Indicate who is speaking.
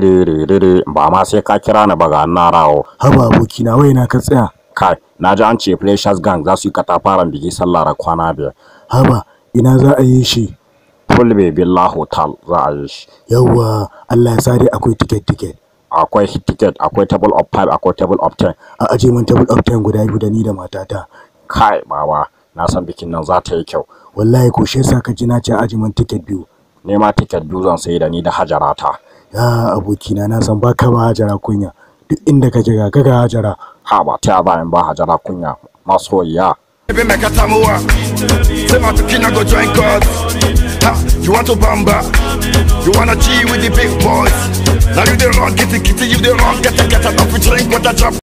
Speaker 1: ba ma sai ka kira ni ba ga na rawo haba aboki
Speaker 2: na ka tsaya
Speaker 1: kai na ji an ce Precious Gang za su yi katafaren biki sallar kwana biyar haba ina za a yi shi Fulbe Billah Hotel za a yi shi yawwa Allah ya sare akwai ticket ticket akwai ticket akwai table of five akwai table of ten a aje mun table of ten guda biyu da ni da matata kai baba na san bikin nan za ta yi kyau wallahi ko shi yasa ka ji na ce aje mun ticket biyu nema tiket
Speaker 3: biyu zan sai da ni da Hajara ta.
Speaker 2: ya abokina na san baka ba hajara kunya duk inda kake ga kaga hajara
Speaker 3: ha ba ta ba in ba hajara kunya masoyiya Baby make a tamuwa Say my tukina go join cause ha, You want to bamba You wanna chill with the big boys Now you the wrong kitty kitty You the wrong get a get a Don't
Speaker 2: drink what a drop